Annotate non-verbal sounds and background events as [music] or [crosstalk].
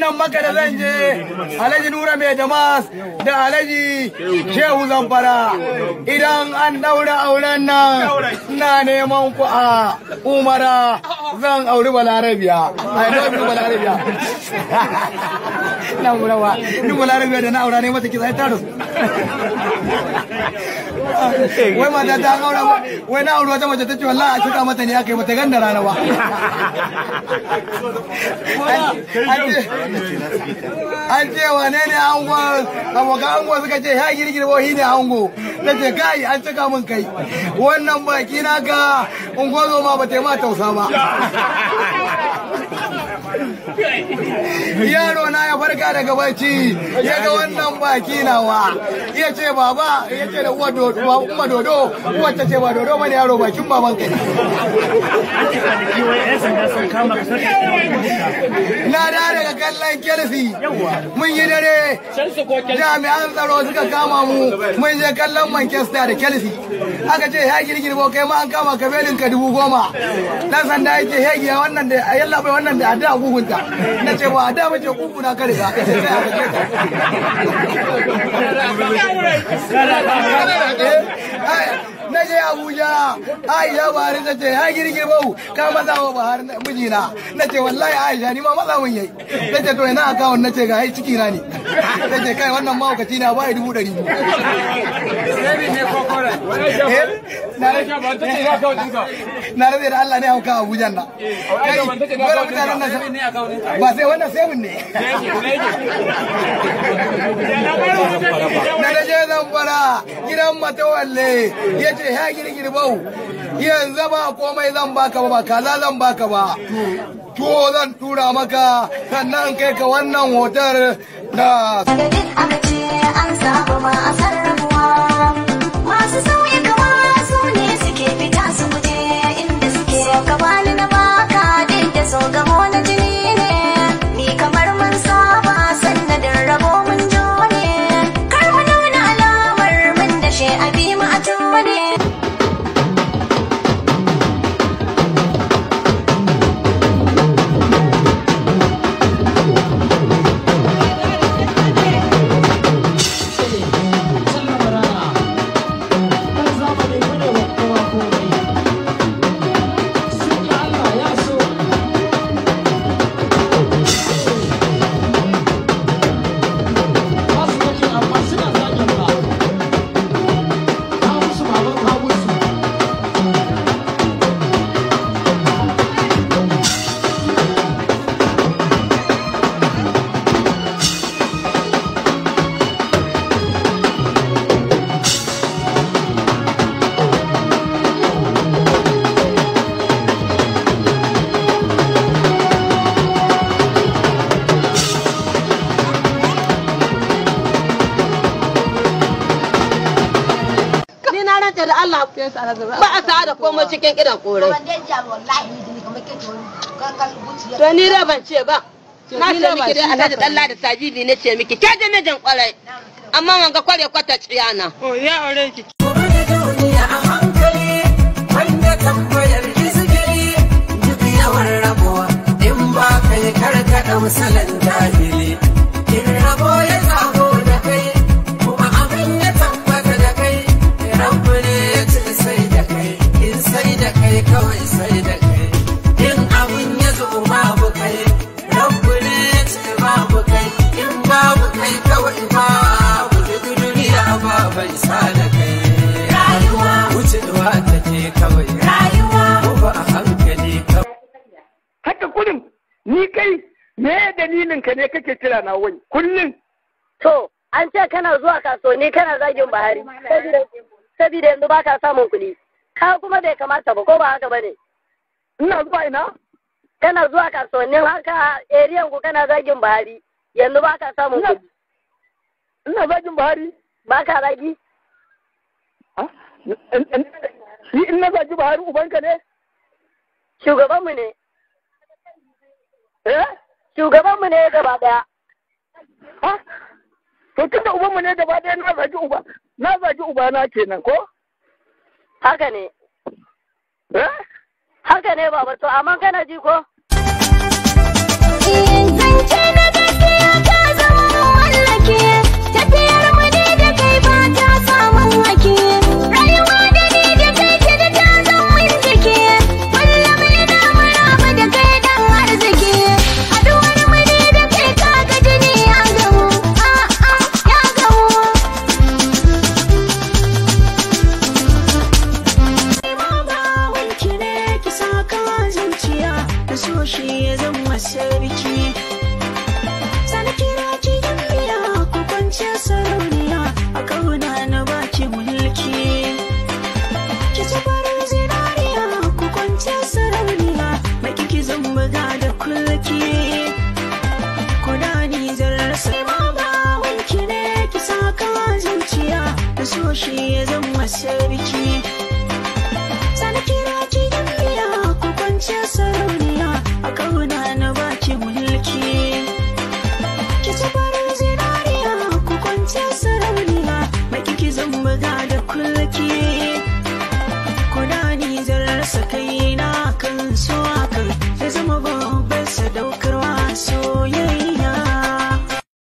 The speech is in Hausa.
wannan maka da zan je alhaji nura mai damas da alhaji shehu zamfara idan an daura auren nan ina neman ku a umara zan auri balarabiya a yi you balarabiya [laughs] na murawa duk balarabiya da na aura ne mata kisa ya tarus [laughs] wai mata ta kaura wai na aure wata mace ta ce wallahi a cika mata ne aka yi mata ganda rana ba an ce wane ne ango abokan ango suka ce ya girgir wahi ne ango ta ce kai an cika min kai wannan baki na ka ungozo ma ba ta yi ma tausa ba yaro na ya farka daga bacci ya ga wannan baki nawa ya ce baba ya ce da uwa dodo uwa ta ce ba dodo bane yaro bakin baban kai kallon kirfi mun yi dare jami'an tsaro suka kama mu mun je kallon manchester da kirfi aka ce ya girgirbo kai ma an kama ka belin ka dubu goma dan sanda yake hegi ya wannan da a yalla bai wannan da a da gugunta na ce ba a da mace kuku na kare ka ce sai aka ce na je Abuja Aisha Buhari ta ce ya girgirbau ka maza wa Buhari mijina na ce wallahi Aisha ni ma maza mun yayi na ce to ina akawun na ce ga ai ciki na ne ta ce kai wannan mahaukaci na bai dubu ne biyu. Eh, na rabe da Allah ne ka Abuja na. Eh, ba sai wannan mun ne. na da je zamfara gidan matawalle ya ce ya girgirbau yanzu ba komai zan baka ba kaza zan baka ba tuwo zan tura maka sannan kai ka wannan hotar na I do it. rantsa da Allah ba a sa da komai cikin idan korai to ni ban ce ba na ce miki dai alhaji dalla da sajidi ne ce miki ke mijin kwarai amma wanga kware kwata tsiyana oh ya aure ki jahili ka ne kake kira na wai kullum to an ce kana zuwa kasuwanni kana zagin bahari saboda yanzu ba ka samun kuɗi ka kuma bai kamata ba ko ba haka ne? ina zuwa ina kana zuwa kasuwannin haka eriyan ku kana zagin bahari yanzu ba ka samun kuɗi ina zagin bahari ka zagi ah, Ni ina zagi bahari ubanka ne shugabanmu ne eh shugabanmu ne gaba daya to tun da ubanmu ne gaba daya na zagi uba na zagi uba na kenan ko haka ne eh? haka ne baba to amma kana ji ko buga da kulki kuna ni zarar sa kai na kan so akan ya zama babban sadaukarwa soyayya